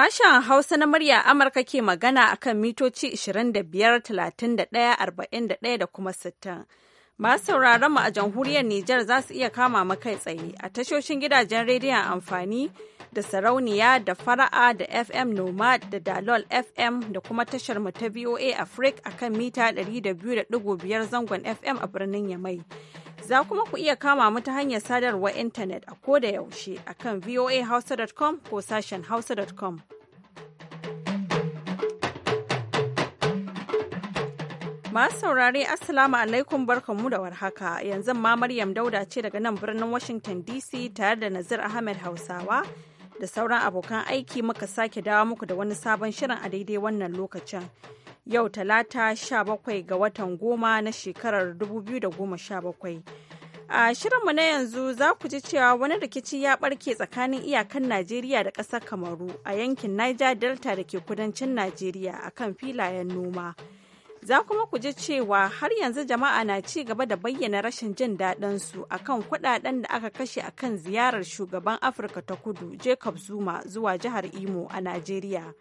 Sashen Hausa na murya Amurka ke magana a kan mitoci 25, 31, 41 da kuma 60. Masu sauraron mu a jamhuriyar Nijar za su iya kama mu kai tsaye a tashoshin gidajen rediyon amfani da sarauniya da fara'a da FM Nomad da Dalol FM da kuma tashar mu ta VOA Africa kan mita 200.5 zangon FM a birnin Yamai. Za kuma ku iya kama mu ta hanyar sadarwar intanet a ko da yaushe a kan voahausa.com ko sashen hausa.com. Masu saurare Assalamu alaikum barkanmu da warhaka yanzu ma Maryam Dauda ce daga nan birnin Washington DC tare da Nazir Ahmed Hausawa da sauran abokan aiki muka sake dawo muku da wani sabon shirin a daidai wannan lokacin. Yau talata 17 ga watan goma na shekarar 2017. A shirinmu na yanzu za ku ji cewa wani rikici ya barke tsakanin iyakan Najeriya da ƙasar Kamaru a yankin Niger Delta da ke kudancin Najeriya akan filayen noma. Za kuma ku ji cewa har yanzu jama'a na ci gaba da bayyana rashin jin daɗin su akan kuɗaɗen da aka kashe akan ziyarar shugaban Afirka ta Kudu Jacob Zuma zuwa jihar Imo a Najeriya.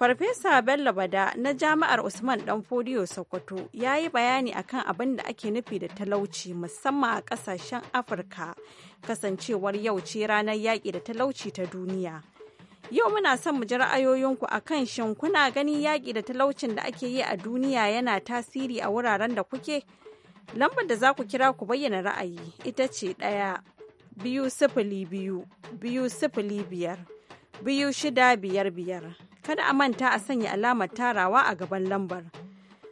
Farfesa Bello Bada na Jami'ar Usman Fodiyo Sokoto ya yi bayani akan abin da ake nufi da talauci musamman a ƙasashen Afirka kasancewar yau ce ranar yaƙi da talauci ta duniya. Yau muna son mu ji ra'ayoyinku a kan shin kuna gani yaƙi da talaucin da ake yi a duniya yana tasiri a wuraren da kuke? Lambar da za ku kira ku bayyana ra'ayi ita ce ɗaya biyu sifili biyu biyu sifili biyar biyu shida biyar biyar. Kada a manta a sanya alamar tarawa a gaban lambar.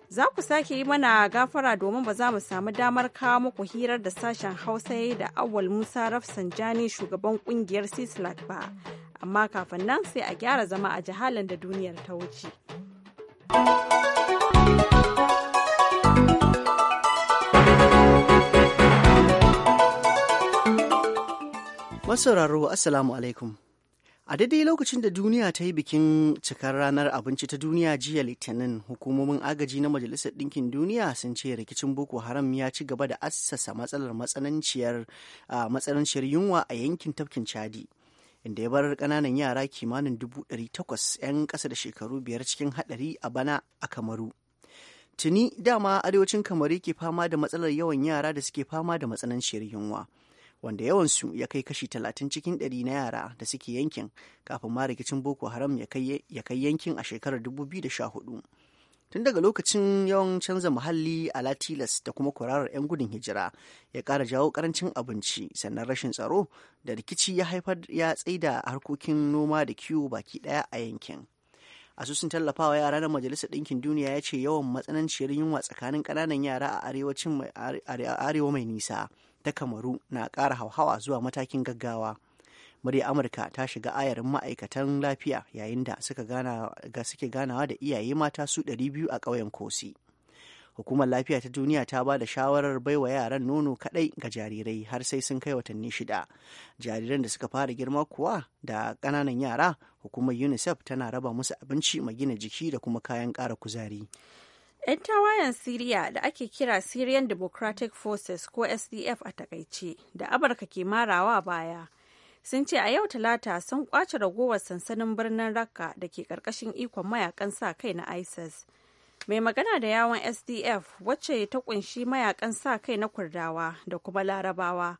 Za ku sake yi mana gafara domin ba za mu samu damar kawo muku hirar da sashen Hausa da Awal Musa Rafsanjani shugaban kungiyar Sislak ba. amma kafin nan sai a gyara zama a jihalin da duniyar ta wuce. Masauraro Assalamu alaikum. A daidai lokacin da duniya ta yi bikin cikar ranar abinci ta duniya jiya Litinin, hukumomin agaji na Majalisar Ɗinkin Duniya sun ce rikicin Boko Haram ya ci gaba da assasa matsalar matsananciyar yunwa a yankin tafkin Chadi. inda ya bar kananan yara kimanin dubu ɗari takwas 'yan ƙasa da shekaru biyar cikin haɗari a bana a kamaru tuni dama arewacin kamaru ke fama da matsalar yawan yara da suke fama da matsananciyar yunwa wanda yawansu ya kai kashi talatin cikin ɗari na yara da suke yankin kafin ma rikicin boko haram ya kai yankin a shekarar 2014 tun daga lokacin yawan canza muhalli a latilas da kuma kwararar 'yan gudun hijira ya ƙara jawo karancin abinci sannan rashin tsaro da rikici ya haifar ya tsaida harkokin noma da kiwo baki ɗaya a yankin asusun tallafawa yara na majalisar ɗinkin duniya ya ce yawan matsananciyar yunwa tsakanin ƙananan yara a arewacin arewa mai nisa ta kamaru na ƙara hauhawa zuwa matakin gaggawa murya amurka ta shiga ayarin ma'aikatan lafiya yayin da suka ga suke ganawa da iyaye mata su 200 a ƙauyen kosi hukumar lafiya ta duniya ta ba da shawarar baiwa yaran nono kaɗai ga jarirai har sai sun kai watanni shida jariran da suka fara girma kuwa da ƙananan yara hukumar unicef tana raba musu abinci mai gina jiki da kuma kayan ƙara kuzari 'yan tawayen siriya da ake kira syrian democratic forces ko sdf a takaice da amurka ke marawa baya sun ce a yau talata sun kwace ragowar sansanin birnin rakka da ke karkashin ikon mayakan sa kai na isis mai magana da yawon sdf wacce ta kunshi mayakan sa kai na kurdawa da kuma larabawa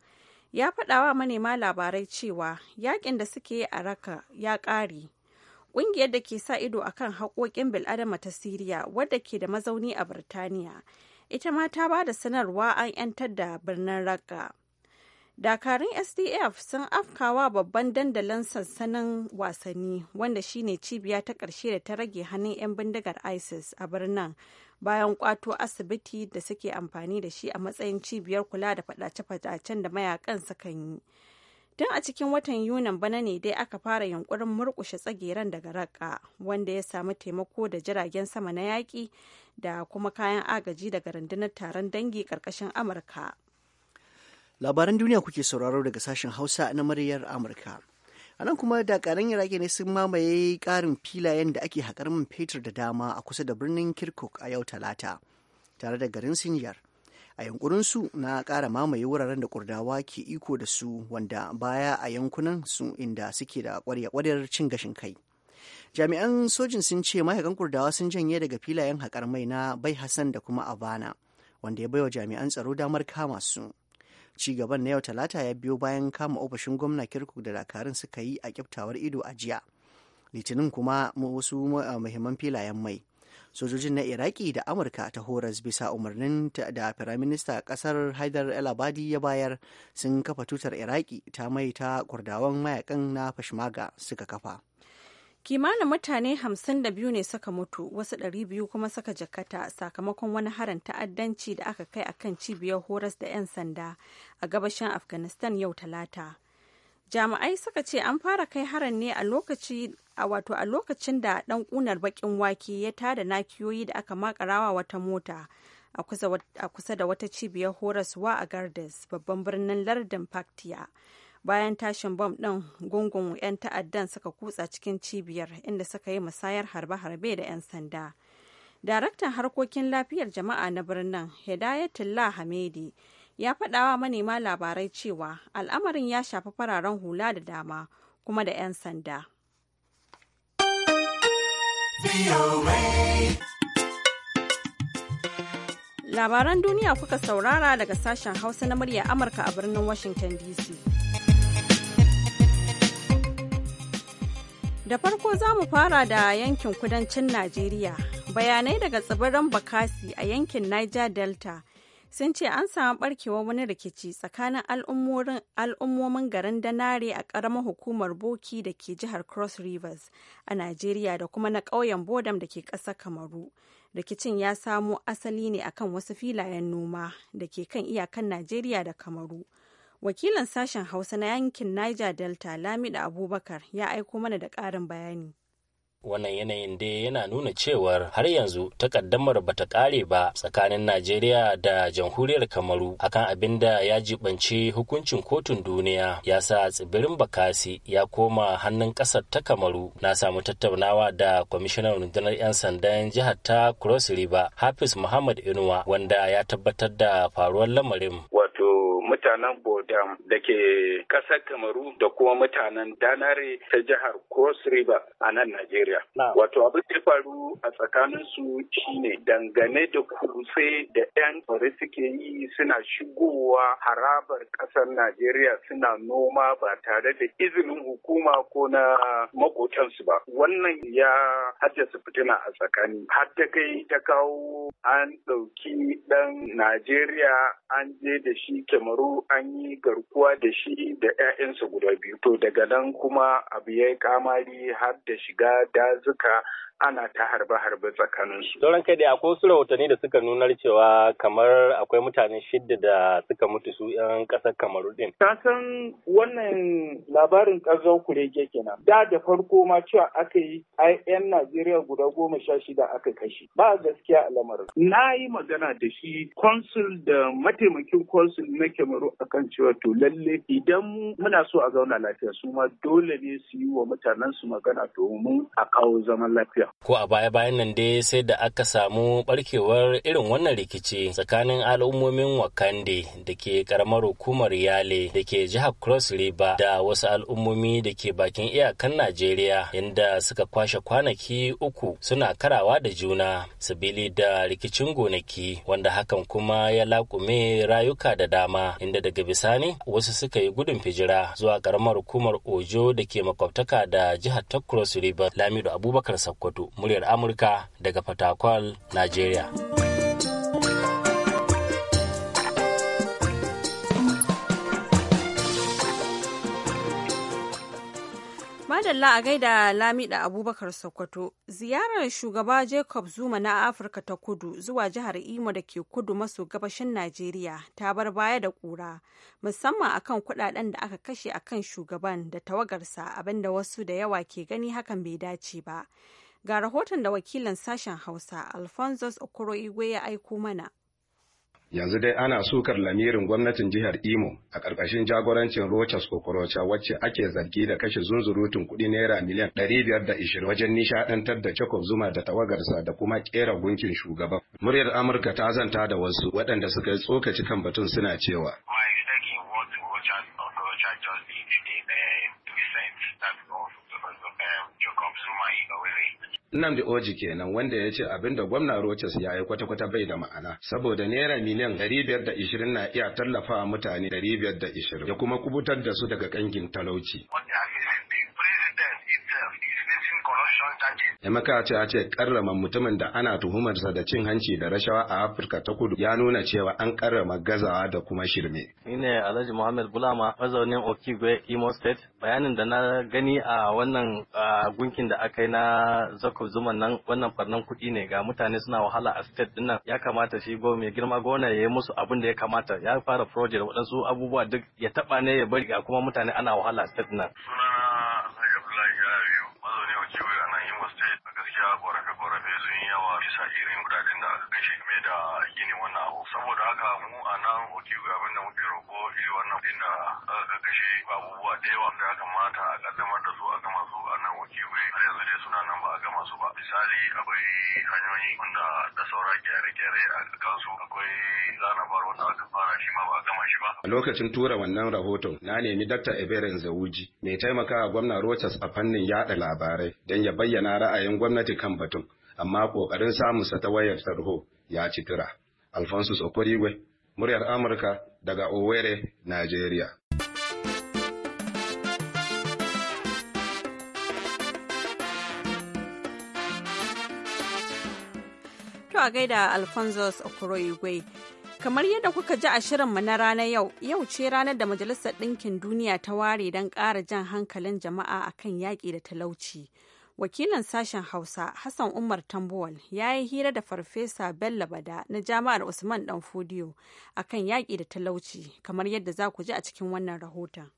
ya faɗawa manema labarai cewa yakin da suke yi a Raqqa ya ƙare ƙungiyar da ke sa ido akan haƙoƙin bil'adama ta siriya wadda ke da mazauni a birtaniya ita ma ta ba da sanarwa an 'yantar da birnin raka dakarun sdf sun afkawa babban dandalin sansanin wasanni wanda shine cibiya ta ƙarshe da ta rage hannun 'yan bindigar isis a birnin bayan kwato asibiti da suke amfani da shi a matsayin cibiyar kula da fadace-fadacen da mayakan sukan yi tun a cikin watan yunan bana ne dai aka fara yunkurin murkushe tsageren daga raka wanda ya samu taimako da jiragen sama na yaƙi da kuma kayan agaji daga rundunar taron dangi ƙarƙashin amurka labaran duniya kuke sauraro daga sashen hausa na muryar amurka a nan kuma dakaran iraki ne sun mamaye karin filayen da ake haƙar min fetur da dama a kusa da birnin kirkuk a yau talata tare da garin sinjar a yankurinsu na ƙara mamaye wuraren da kurdawa ke iko da su wanda baya a yankunan su inda suke da kwarya-kwaryar cin gashin kai jami'an sojin sun ce mahaikan kurdawa sun janye daga filayen haƙar mai na bai hassan da kuma abana wanda ya baiwa jami'an tsaro damar kama su ci gaban na yau talata ya biyo bayan kama ofishin gwamna kirkuk da dakarun suka yi a kyaftawar ido a jiya litinin kuma wasu ah, muhimman filayen mai sojojin na iraki da amurka ta horas bisa umarnin da firaminista kasar haidar el ya bayar sun kafa tutar iraki ta mai ta kurdawan mayakan na fashmaga suka kafa kimanin mutane 52 ne suka mutu wasu ɗari biyu kuma suka jakata sakamakon wani harin ta'addanci da aka kai akan cibiyar horas da 'yan sanda a gabashin afghanistan yau talata jami'ai suka ce an fara kai harin ne a lokaci a wato a lokacin da dan kunar bakin wake ya tada nakiyoyi da aka makarawa wata mota a kusa da wata cibiyar horaswa a gardas babban birnin lardin paktiya bayan tashin bom ɗin gungun 'yan ta'addan suka kutsa cikin cibiyar inda suka yi musayar harbe-harbe da 'yan sanda daraktan harkokin lafiyar jama'a na birnin hidayatullah hamidi ya faɗawa manema labarai cewa al'amarin ya shafi fararen hula da dama kuma da 'yan sanda labaran duniya kuka saurara daga sashen hausa na murya amurka a birnin washington dc Da farko za mu fara da yankin kudancin Najeriya. Bayanai daga tsibirin Bakasi a yankin Niger Delta sun ce an samu barkewa wani rikici tsakanin al'ummomin garin Danare a ƙaramar hukumar Boki da ke jihar Cross Rivers a Najeriya da kuma na ƙauyen Bodam da ke ƙasar Kamaru. Rikicin ya samo asali ne akan wasu filayen noma da ke kan iyakan Najeriya da Kamaru. Wakilan sashen Hausa na yankin Niger Delta Lamida Abubakar ya aiko mana da ƙarin bayani. wannan yanayin dai yana nuna cewar har yanzu takaddamar ba ta kare ba tsakanin najeriya da jamhuriyar kamaru akan abin da ya jibanci hukuncin kotun duniya ya sa tsibirin bakasi ya koma hannun kasar ta kamaru na samu tattaunawa da kwamishinan rundunar 'yan sandan jihar ta cross river hafiz muhammad inuwa wanda ya tabbatar da faruwar lamarin mutanen Bodam da ke ƙasar Kamaru da kuma mutanen Danare ta jihar Cross River a nan Najeriya. Wato abin da faru a tsakanin su shine dangane da kurse da 'yan fari suke yi suna shigowa harabar ƙasar Najeriya suna noma ba tare da izinin hukuma ko na makotansu ba. Wannan ya haddasa fitina a tsakani. Har ta kai ta kawo an ɗauki ɗan Najeriya an je da shi kyamaru an yi garkuwa da shi da 'ya'yansa guda biyu to daga nan kuma abu ya yi kamari har da shiga dazuka ana ta harbe-harbe tsakaninsu. Sauran kai dai akwai wasu rahotanni da suka nunar cewa kamar akwai mutane shidda da suka mutu su 'yan ƙasar Kamaru ɗin. Ta san wannan labarin ƙarzon kurege kenan. Da da farko ma cewa aka yi ai 'yan Najeriya guda goma sha shida aka kashe. Ba gaskiya a lamarin. Na yi magana da shi konsul da mataimakin konsul na Kamaru akan cewa to lalle idan muna so a zauna lafiya su ma dole ne su yi wa mutanensu magana domin a kawo zaman lafiya. Ko a baya-bayan nan dai sai da aka samu barkewar irin wannan rikici tsakanin al'ummomin Wakande da ke karamar hukumar Yale da ke jihar Cross River da wasu al'ummomi da ke bakin iyakan Najeriya inda suka kwashe kwanaki uku suna karawa da juna sabili da rikicin gonaki wanda hakan kuma ya laƙume rayuka da dama inda daga bisani wasu suka yi gudun fijira zuwa karamar hukumar Ojo da ke makwabtaka da jihar ta Cross River Lamido Abubakar Sokoto. muryar Amurka daga Fatakwal, Najeriya. Madalla a gaida Lamida Abubakar Sokoto, ziyarar shugaba Jacob Zuma na Afirka ta kudu zuwa jihar Imo da ke kudu maso gabashin Najeriya ta bar baya da kura, musamman akan kuɗaɗen da aka kashe akan shugaban da tawagarsa abinda wasu da yawa ke gani hakan bai dace ba. Ga rahoton da wakilin sashen Hausa Alphonsus Okoro Igwe ya aiko mana. yanzu dai ana sukar lamirin gwamnatin jihar Imo a ƙarƙashin jagorancin Rochas Kokorocha wacce ake zargi da kashe zunzurutun kuɗi naira miliyan 520 wajen nishaɗantar da Jacob Zuma da tawagarsa da kuma kera gunkin shugaban. Muryar Amurka ta zanta da wasu waɗanda suka yi tsokaci kan batun suna cewa. Uh, um, Jacob Zuma Nnamdi Oji kenan wanda ya ce abin da gwamna Rochas ya yi kwata-kwata bai da ma'ana saboda naira miliyan biyar da ishirin na iya tallafa mutane 520 ya kuma kubutar da su daga kangin talauci. Emeka ce a ce karrama mutumin da ana tuhumarsa da cin hanci da rashawa a Afirka ta kudu ya nuna cewa an karrama gazawa da kuma shirme. Ni ne Alhaji Muhammad Bulama mazaunin Okigwe Imo State. Bayanin da na gani a wannan gunkin da aka yi na Zakob Zuman nan wannan farnan kuɗi ne ga mutane suna wahala a state din nan ya kamata shi go mai girma gona ya yi musu abin da ya kamata ya fara project waɗansu abubuwa duk ya taɓa ne ya bari ga kuma mutane ana wahala a state nan. da irin kudaden da aka kashe game da gini wannan abu saboda haka mu a nan okiwu abin da muke roƙo iri wannan kudin da aka kashe abubuwa da yawa da ya kamata a kaddamar da su a gama su a nan okiwu har yanzu dai suna nan ba a gama su ba misali akwai hanyoyi wanda da saura gyare-gyare a kansu akwai zanabar wanda aka fara shi ma ba a gama shi ba. a lokacin tura wannan rahoton na nemi dr eberin zawuji mai taimakawa gwamna rochas a fannin yaɗa labarai don ya bayyana ra'ayin gwamnati kan batun amma ƙoƙarin samunsa ta wayar tarho ya ci tura. Alphonsus Okorigwe, muryar Amurka daga Owerri, Najeriya. To a gaida Alphonsus Okorigwe. Kamar yadda kuka ji a shirinmu na ranar yau, yau ce ranar da Majalisar Ɗinkin Duniya ta ware don ƙara jan hankalin jama'a akan yaƙi da talauci. wakilin sashen hausa hassan umar tambuwal ya yi hira da farfesa bello bada na jami'ar usman danfodiyo akan yaƙi da talauci kamar yadda za ku ji a cikin wannan rahoton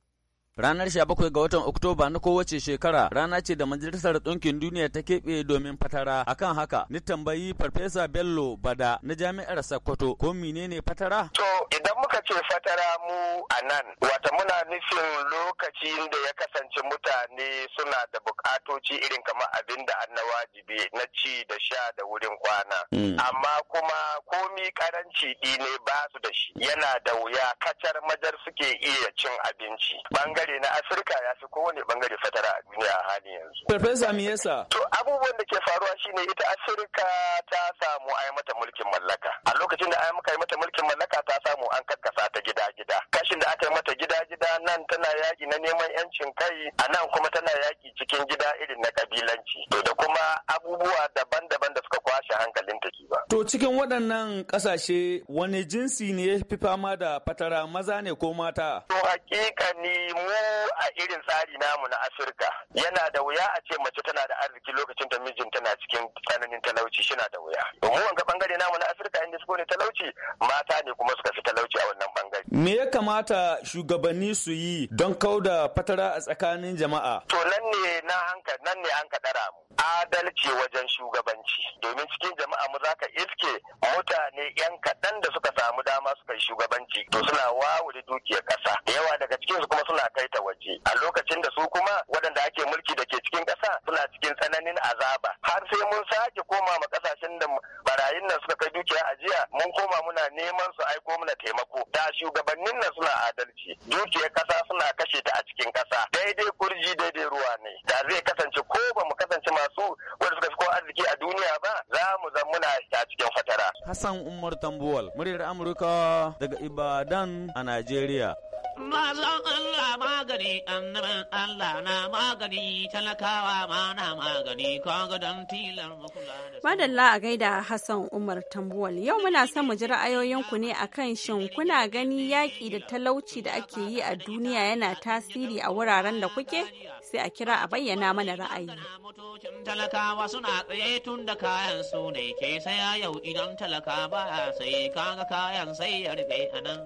Ranar 17 ga watan Oktoba na kowace shekara rana ce da Majalisar Ɗinkin Duniya ta keɓe domin fatara. Akan haka, ni tambayi Farfesa Bello Bada na Jami'ar Sokoto ko menene fatara? To, idan muka ce fatara mu a nan, wata muna nufin lokacin da ya kasance mutane suna da bukatoci irin kamar abin da an wajibi na ci da sha da wurin kwana. Hmm. Amma kuma komi karanci ne ba su da shi. Yana da wuya kacar majar suke iya cin abinci. Bangare bangare na Afirka ya fi kowane bangare fatara a duniya a hali yanzu. Farfesa me yasa? To abubuwan da ke faruwa shine ita Afirka ta samu ai mata mulkin mallaka. A lokacin da a muka yi mata mulkin mallaka ta samu an karkasa ta gida-gida. Kashin da aka yi mata gida-gida nan tana yaƙi na neman yancin kai a nan kuma tana yaƙi cikin gida irin na kabilanci. To da kuma abubuwa daban-daban da suka kwashe hankalin ta ba. To cikin waɗannan ƙasashe wani jinsi ne ya fi fama da fatara maza ne ko mata? To hakika ni mu a irin tsari namu na Afirka yana da wuya a ce mace tana da arziki lokacin da mijin tana cikin tsananin talauci shi na da wuya. Domin wanga bangare namu na Afirka inda su ne talauci mata ne kuma suka fi talauci a wannan bangare. Me ya kamata shugabanni su yi don kauda fatara a tsakanin jama'a? To nan ne na hanka nan ne an kadara mu. adalci wajen shugabanci domin cikin jama'a mu za ka iske mutane yan kaɗan da suka samu dama suka yi shugabanci to suna wawari dukiyar ƙasa da yawa daga cikin su kuma suna kai ta waje a lokacin da su kuma waɗanda ake mulki da ke cikin ƙasa suna cikin tsananin azaba har sai mun sake koma ma ƙasashen da barayin nan suka kai dukiya ajiya mun koma muna neman su aiko mana taimako da shugabannin nan suna adalci dukiyar ƙasa suna kashe ta a cikin ƙasa daidai kurji daidai ruwa ne da zai kasance ko ba mu kasance ma su wanda suka fi kowa arziki a duniya ba za mu zan muna a cikin fatara. Hassan Umar Tambuwal, muryar Amurka daga Ibadan a Najeriya. Mazan Allah magani, annaban Allah na magani, talakawa ma na magani, kaga don tilar makula da Madalla a gaida Hassan Umar Tambuwal. Yau muna son mu ji ra'ayoyinku ne akan shin kuna gani yaƙi da talauci da ake yi a duniya yana tasiri a wuraren da kuke? sai a kira a bayyana mana ra'ayi. Motocin talakawa suna tsaye tun da kayan su ne ke saya yau idan talaka ba sai kaga kayan sai ya rufe a nan.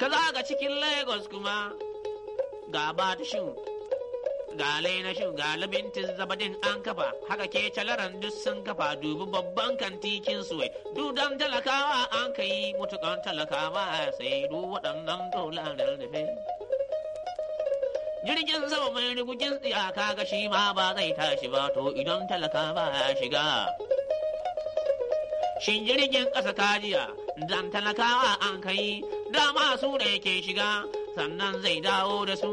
Ka ga cikin Lagos kuma ga ba ga na shin ga labintin zabadin an kafa haka ke calaran duk sun kafa dubi babban kantikin suwai dudan talakawa an kai yi mutukan talakawa sai du waɗannan dolarar da jirgin sama mai rigugin tsiyaka ga shi ma ba zai tashi ba to idan talakawa ya shiga shin jirgin ƙasa kajiya dan talakawa an kai dama su da yake shiga sannan zai dawo da su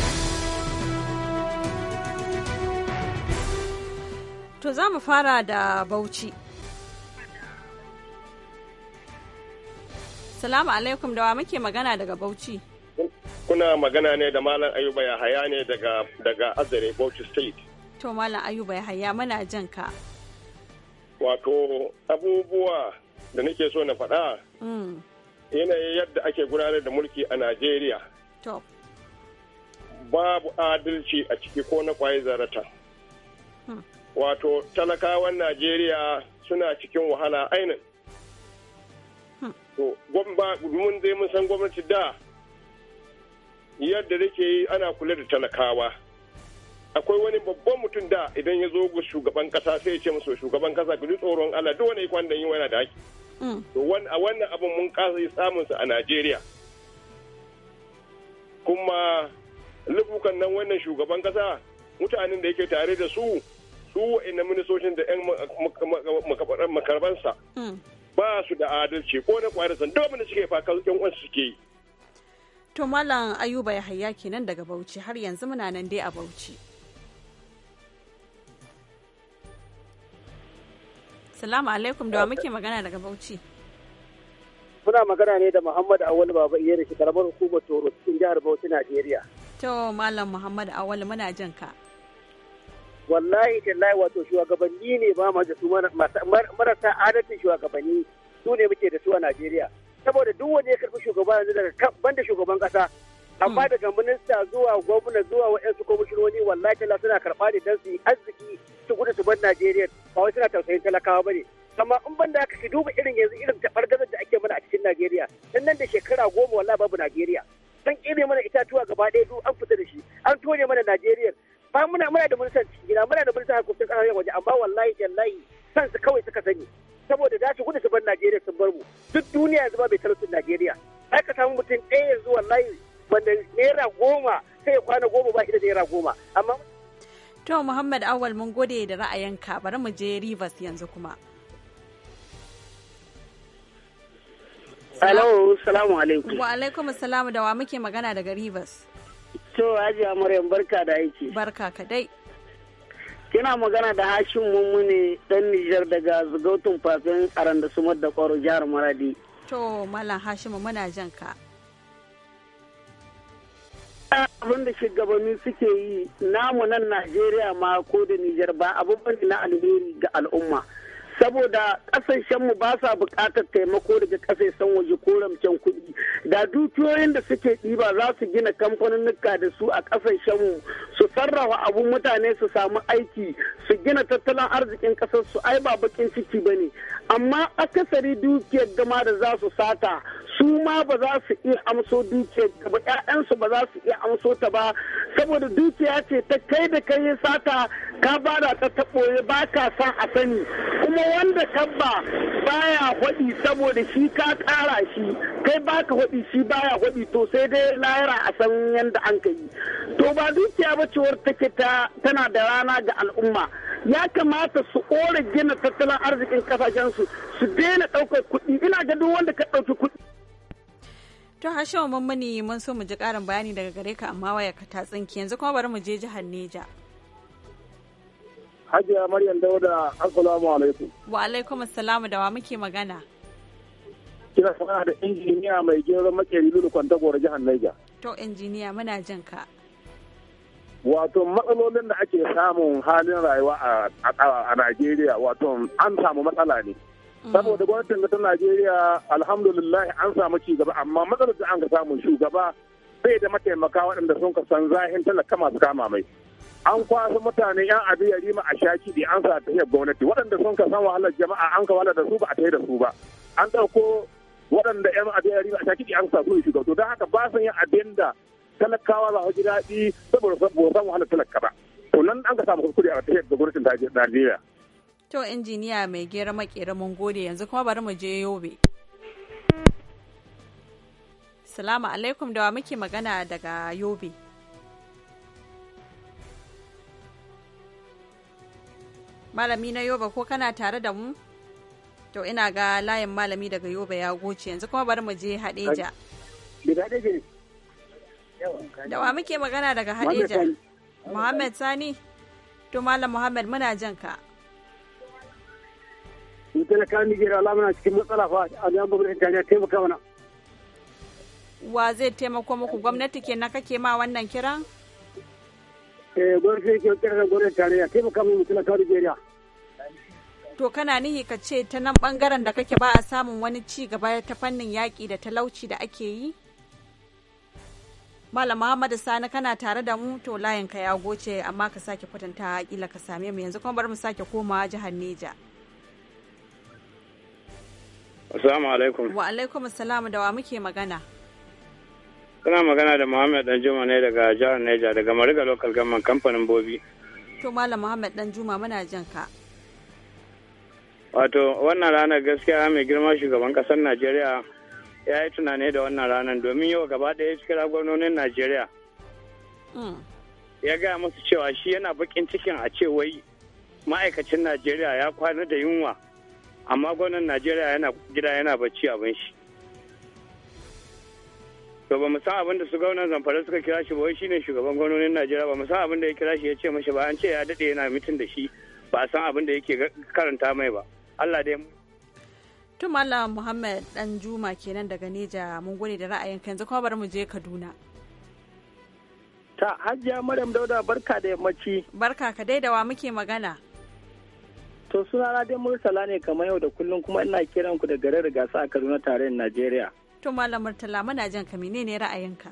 to za mu fara da Bauchi. Salamu alaikum da wa muke magana daga Bauchi. Kuna magana ne da Malam Ayuba Yahaya ne daga Azare Bauchi State. To Malam Ayuba Yahaya muna jan ka. Wato abubuwa da nake so na faɗa. Mm. Yanayi yadda ake gudanar da mulki a Najeriya. To. Babu adalci a ciki ko na kwaye zarata. Hmm. wato talakawan najeriya suna cikin wahala ainin hmm. to mun zai mun san gwamnati da yadda take yi ana kula da talakawa akwai wani babban mutum da idan ya zo shugaban kasa sai ya ce musu shugaban kasa ku tsoron Allah duk wani kwan da yi wani da haki hmm. to a wannan abin mun kasa yi samun su a Najeriya kuma lufukan nan wannan shugaban kasa mutanen da yake tare da su su waɗannan ministocin da 'yan makarbansa hmm. ba su da adalci ko na kwari san dole ne suke faka yan uwansu suke yi. To Malam Ayuba Yahaya kenan daga Bauchi har yanzu muna nan dai a Bauchi. Salamu alaikum da muke magana daga Bauchi. Muna magana ne da Muhammad Awal Baba Iyere shi karamar hukumar Toro cikin jihar Bauchi Najeriya. To Malam Muhammad Awal muna jin ka. wallahi tallahi wato shugabanni ne ba mu da su marasa adalcin shugabanni su ne muke da su a Najeriya saboda duk wanda ya karbi shugaba yanzu daga banda shugaban kasa amma hmm. daga minista zuwa gwamna zuwa waɗansu kwamishinoni wallahi tallahi suna karɓa ne don su yi arziki su gudu su bar Najeriya ba wai suna tausayin talakawa ba ne amma in da aka ki duba irin yanzu irin tabar gazar da ake mana a cikin Najeriya dan nan da shekara goma wallahi babu Najeriya an ƙire mana itatuwa gaba ɗaya duk an fita da shi an tone mana Najeriya ba muna muna da mulkin cikin gida muna da ministan harkokin ƙasashen waje amma wallahi jallahi su kawai suka sani saboda da su gudu su bar Najeriya sun bar mu duk duniya yanzu ba bai talaucin Najeriya ai ka samu mutum ɗaya yanzu wallahi wanda naira goma sai ya kwana goma ba shi da naira goma amma To Muhammad Awal mun gode da ra'ayinka bari mu je Rivers yanzu kuma. Hello, salamu alaikum. Wa alaikum salamu da wa muke magana daga Rivers. To Hajiya Maryam barka da aiki. Barka kadai. Kina magana da Hashim Mummune ɗan Nijar daga Zugautun Fafin da su da Kwaro jihar Maradi. To Malam Hashim muna jan ka. abin da shugabanni suke yi namu nan Najeriya ma ko da Nijar ba abubuwan na alheri ga al'umma. saboda kasashenmu ba sa bukatar taimako daga kasashen waje ko ramcen kuɗi da dukiyoyin da suke ɗiba za su gina kamfanin da su a mu su sarrafa abun mutane su samu aiki su gina tattalin arzikin ƙasar su ai ba bakin ciki bane amma akasari dukiyar gama da za su sata su ma ba za su iya amso dukiyar ta ba ƴaƴansu ba za su iya amso ta ba saboda dukiya ce ta kai da kai sata ka ba da ta taɓoye ba ka san a sani kuma wanda tabba baya hwaɗi saboda shi ka ƙara shi kai ba ka hwaɗi shi baya hwaɗi to sai dai layara a san yanda an ka yi to ba dukiya ba cewar take tana da rana ga al'umma ya kamata su ore gina tattalin arzikin kasashensu su daina ɗaukar kuɗi ina ga duk wanda ka ɗauki kuɗi. To hashawa mammani mun so mu ji ƙarin bayani daga gare ka amma waya ka ta tsinki yanzu kuma bari mu je jihar Neja. Hajiya Maryam Dauda, Assalamu alaikum. Wa alaikum assalamu da wa muke magana. Kina magana da injiniya mai gero makeri lulu kwanta gora jihar Neja. To injiniya muna jin ka. wato matsalolin da ake samun halin rayuwa a Najeriya wato an samu matsala ne. Mm. Saboda gwamnatin ta Najeriya alhamdulillah an samu ci gaba amma matsalar da an ka samu shugaba bai da mataimaka waɗanda sun ka san zahin talaka masu kama mai. An kwasa mutane yan abu ya rima a shaki da an sa ta gwamnati waɗanda sun ka san wahalar jama'a an ka wahalar da su ba a tafiyar da su ba. An ɗauko waɗanda yan abu ya rima a shaki da an sa su shugaba to don haka ba sun yi abin da talakawa za su ji daɗi saboda ba san wahalar talaka ba to nan an ka samu kuskure a tafiyar da gwamnatin Najeriya to injiniya mai gera makera mun gode yanzu kuma bari mu je Yobe Salamu alaikum da wa muke magana daga Yobe. Malami na Yoba ko kana tare da mu? To ina ga layin malami daga Yoba ya goce yanzu kuma bari mu je Hadeja. Da Hadeja ne? Da wa muke magana daga Hadija? Muhammad Sani? To Malam Muhammad muna jan ka. mutane talaka Nigeria gira muna cikin matsala fa a jami'an gwamnati ta ya taimaka mana. Wa zai taimako muku gwamnati ke na kake ma wannan kiran? Eh gwamnati ke kira kiran gwamnati ta tarayya taimaka mu mutane talaka Nigeria. to kana nihi ka ce ta nan bangaren da kake ba a samun wani ci gaba ta fannin yaƙi da talauci da ake yi? malama Muhammadu Sani kana tare da mu to layin ka ya goce amma ka sake kwatanta kila ka same mu yanzu kuma bar mu sake koma jihar Neja. Assalamu alaikum. Wa alaikum assalamu da wa muke magana. Kana magana da Muhammad Danjuma ne daga jihar Neja daga Mariga Local Government kamfanin Bobi. To Malam Muhammad Danjuma muna jan ka. Wato wannan ranar gaskiya mai girma shugaban kasar Najeriya ya yi tunani da wannan ranar domin yau gaba ya kira gwamnonin najeriya hmm. ya gaya musu cewa shi yana bakin cikin a ce wai ma'aikacin najeriya ya kwana da yunwa amma gwamnan najeriya yana gida yana bacci abin shi to ba san abin da su gwamnan zamfara suka kira shi ba wai shine shugaban gwamnonin najeriya ba san abin da ya kira shi ya ce mashi ba an ce ya daɗe yana mitin da shi ba a san abin da yake karanta mai ba allah dai to malam muhammad dan juma kenan daga neja mun gode da ra'ayin yanzu kuma bari mu je kaduna ta hajiya maryam dauda barka da yammaci barka ka dai da wa muke magana to suna na dai murtala ne kamar yau da kullum kuma ina kiran ku da garin rigasa a kaduna tarayyar najeriya to malam murtala muna jan ka menene ra'ayinka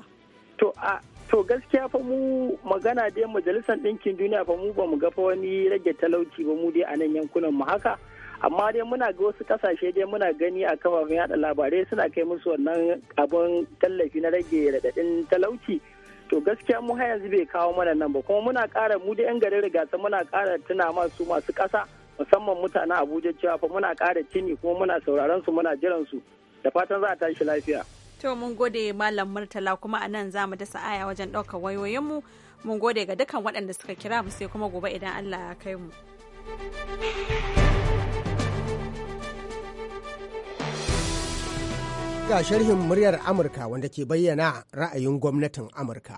to a to gaskiya fa mu magana dai majalisar ɗinkin duniya fa mu ba mu ga fa wani rage talauci ba mu dai a nan yankunan mu haka amma dai muna ga wasu kasashe dai muna gani a kafafen yada labarai suna kai musu wannan abun tallafi na rage radadin talauci to gaskiya mu har yanzu bai kawo mana nan ba kuma muna kara mu da 'yan garin rigasa muna kara tuna masu masu ƙasa musamman mutanen abuja cewa fa muna kara cini kuma muna sauraron su muna jiran su da fatan za a tashi lafiya to mun gode malam murtala kuma a nan za mu dasa aya wajen ɗaukar wayoyinmu mun gode ga dukkan waɗanda suka kira mu sai kuma gobe idan allah ya kai mu thank you Ga sharhin muryar Amurka wanda ke bayyana ra'ayin gwamnatin Amurka.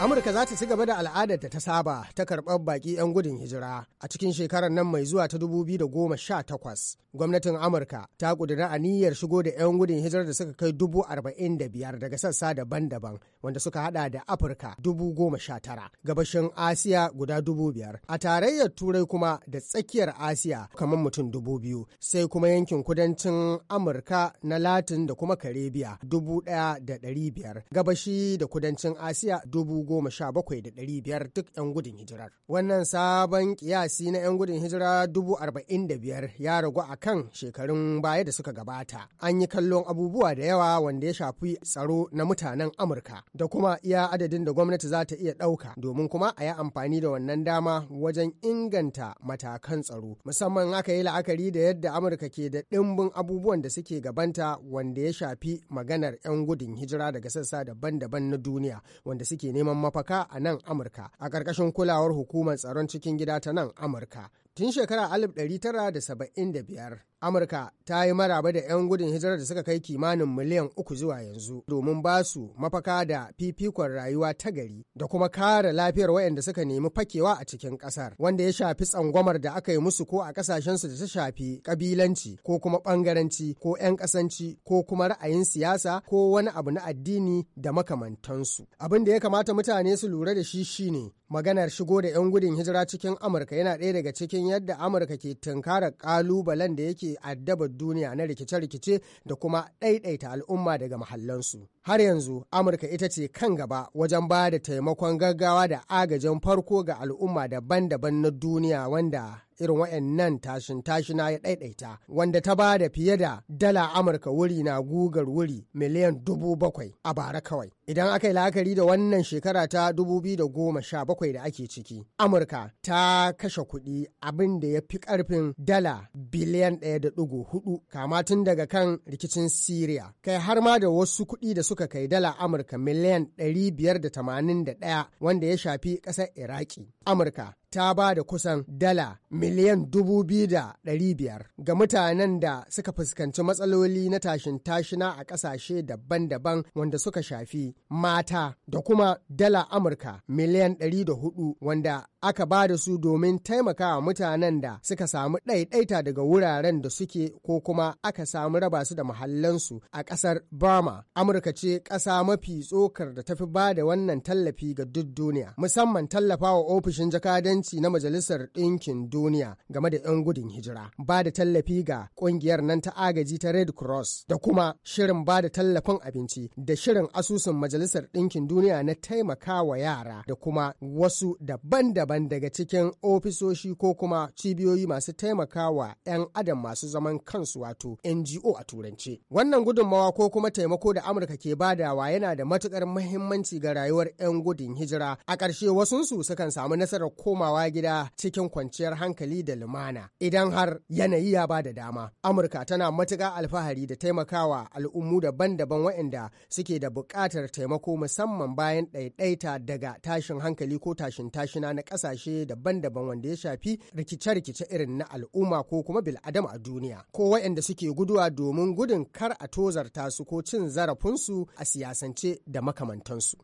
Amurka za ta ci gaba da al'adar da ta saba ta karɓar baƙi 'yan gudun hijira a cikin shekarar nan mai zuwa ta 2018. Gwamnatin Amurka ta a niyyar shigo da 'yan gudun hijirar da suka kai 45,000 daga sassa daban-daban wanda suka hada da Afirka 19,000, gabashin Asiya guda 5,000, a tarayyar Turai kuma da tsakiyar Asiya kamar mutum 2,000, sai kuma yankin kudancin Amurka na Latin da kuma Karibiya 1,500, gabashi da kudancin Asiya goma sha bakwai da ɗari biyar duk 'yan gudun hijirar. Wannan sabon kiyasi na 'yan gudun hijira dubu arba'in da biyar ya ragu a kan shekarun baya da suka gabata. An yi kallon abubuwa da yawa wanda ya shafi tsaro na mutanen Amurka da kuma iya adadin da gwamnati za ta iya ɗauka domin kuma a yi amfani da wannan dama wajen inganta matakan tsaro musamman aka yi la'akari da yadda Amurka ke da ɗimbin abubuwan da suke gabanta wanda ya shafi maganar 'yan gudun hijira daga sassa daban-daban na duniya wanda suke neman mafaka a nan Amurka a ƙarƙashin kulawar hukumar tsaron cikin gida ta nan Amurka tun shekara 1975 amurka ta yi maraba da 'yan gudun hijirar da suka kai kimanin miliyan uku zuwa yanzu domin ba su mafaka da fifikon rayuwa ta gari da kuma kare lafiyar waɗanda suka nemi fakewa a cikin ƙasar wanda ya shafi tsangwamar da aka yi musu ko a ƙasashensu da ta shafi ƙabilanci ko kuma ɓangaranci ko 'yan ƙasanci ko kuma ra'ayin siyasa ko wani abu na addini da makamantansu abin da ya kamata mutane su lura da shi shine maganar shigo da 'yan gudun hijira cikin amurka yana ɗaya daga cikin yadda amurka ke tunkarar ƙalubalen da yake yake addabar duniya na rikice-rikice da kuma ɗaiɗaita al'umma daga mahallansu. Har yanzu Amurka ita ce kan gaba wajen ba da taimakon gaggawa da agajin farko ga al'umma daban-daban na duniya wanda irin wa'annan tashin tashina ya ɗaiɗaita wanda ta ba da fiye da dala amurka wuri na gugar wuri miliyan dubu bakwai a bara kawai idan aka yi la'akari da wannan shekara ta dubu biyu da goma sha bakwai da ake ciki amurka ta kashe kuɗi abin da ya fi ƙarfin dala biliyan ɗaya da ɗigo hudu kama tun daga kan rikicin syria kai har ma da wasu kuɗi da suka kai dala amurka miliyan ɗari biyar da tamanin da ɗaya wanda ya shafi ƙasar iraki amurka ta ba da kusan dala miliyan dubu biyu da ɗari biyar ga mutanen da suka fuskanci matsaloli na tashin tashina a ƙasashe daban-daban wanda suka shafi mata da kuma dala amurka miliyan ɗari da hudu wanda aka ba da su domin taimakawa mutanen da suka samu ɗaiɗaita daga wuraren da suke ko kuma aka samu raba su da mahallansu a ƙasar Burma. Amurka ce ƙasa mafi tsokar da tafi ba da wannan tallafi ga duk duniya, musamman tallafawa ofishin jakadan 'yanci na Majalisar Ɗinkin Duniya game da 'yan gudun hijira, ba da tallafi ga ƙungiyar nan ta agaji ta Red Cross da kuma shirin ba da tallafin abinci da shirin asusun Majalisar Ɗinkin Duniya na taimaka wa yara da kuma wasu daban-daban daga cikin ofisoshi ko kuma cibiyoyi masu taimaka wa 'yan adam masu zaman kansu wato NGO a turance. Wannan gudunmawa ko kuma taimako da Amurka ke badawa yana da matuƙar muhimmanci ga rayuwar 'yan gudun hijira. A ƙarshe wasunsu sukan samu nasarar koma komawa gida cikin kwanciyar hankali da lumana idan har yanayi ya ba da dama. Amurka tana matuƙa alfahari da taimakawa al'ummu daban-daban waɗanda suke da buƙatar taimako musamman bayan ɗaiɗaita daga tashin hankali ko tashin tashina na ƙasashe daban-daban wanda ya shafi rikice-rikice irin na al'umma ko kuma bil'adam a duniya ko waɗanda suke guduwa domin gudun kar a tozarta su ko cin zarafinsu a siyasance da makamantansu.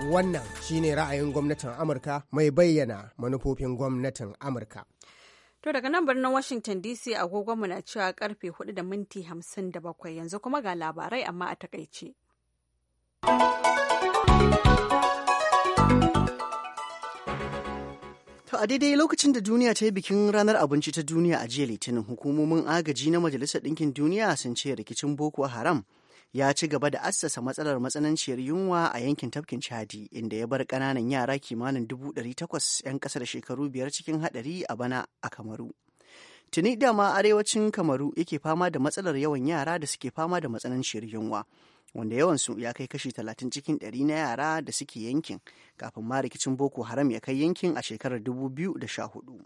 Wannan shine ra'ayin gwamnatin Amurka mai bayyana manufofin gwamnatin Amurka. To daga nan birnin Washington DC agogonmu na cewa karfe 4 da minti 57 yanzu kuma ga labarai amma a takaice. To a daidai lokacin da duniya ta yi bikin ranar abinci ta duniya a jiya litinin hukumomin agaji na Majalisar Ɗinkin Duniya sun ce rikicin Boko Haram ya ci gaba da assasa matsalar matsananciyar yunwa a yankin tafkin chadi inda ya bar ƙananan yara kimanin dubu ɗari takwas 'yan ƙasa da shekaru biyar cikin haɗari a bana a kamaru tuni dama arewacin kamaru yake fama da matsalar yawan yara da suke fama da matsananciyar yunwa wanda yawansu ya kai kashi talatin cikin ɗari na yara da suke yankin kafin ma rikicin boko haram ya kai yankin a shekarar 2014.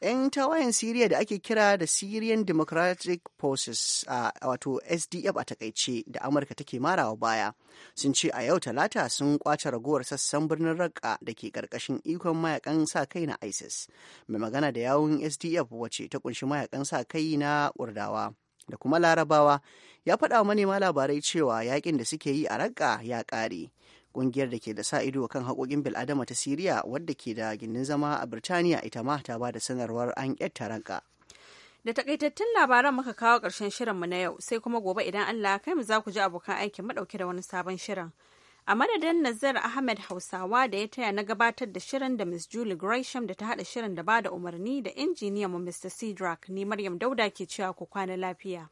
'yan tawayen siriya da ake kira da syrian democratic forces a wato sdf a takaice da amurka take marawa baya sun ce a yau talata sun kwace ragowar sassan birnin raqqa da ke karkashin ikon mayakan sa kai na isis mai magana da yawun sdf wace ta kunshi mayakan sa kai na urdawa da kuma larabawa ya faɗa manema labarai cewa yakin da suke yi a raqqa ya ƙare Ƙungiyar da ke da sa ido kan haƙoƙin bil'adama ta Siriya wadda ke da gindin zama a Birtaniya ita ma ta ba da sanarwar an ƙyatta ranka. Da takaitattun labaran muka kawo ƙarshen mu na yau sai kuma gobe idan Allah kai mu za ku ji abokan aikin maɗauke da wani sabon shirin. A madadin Nazar Ahmed Hausawa da ya taya na gabatar da shirin da Miss Julie Gresham da ta haɗa shirin da bada umarni da injiniyan mu Mr. Cedric ni Maryam Dauda ke cewa ku kwana lafiya.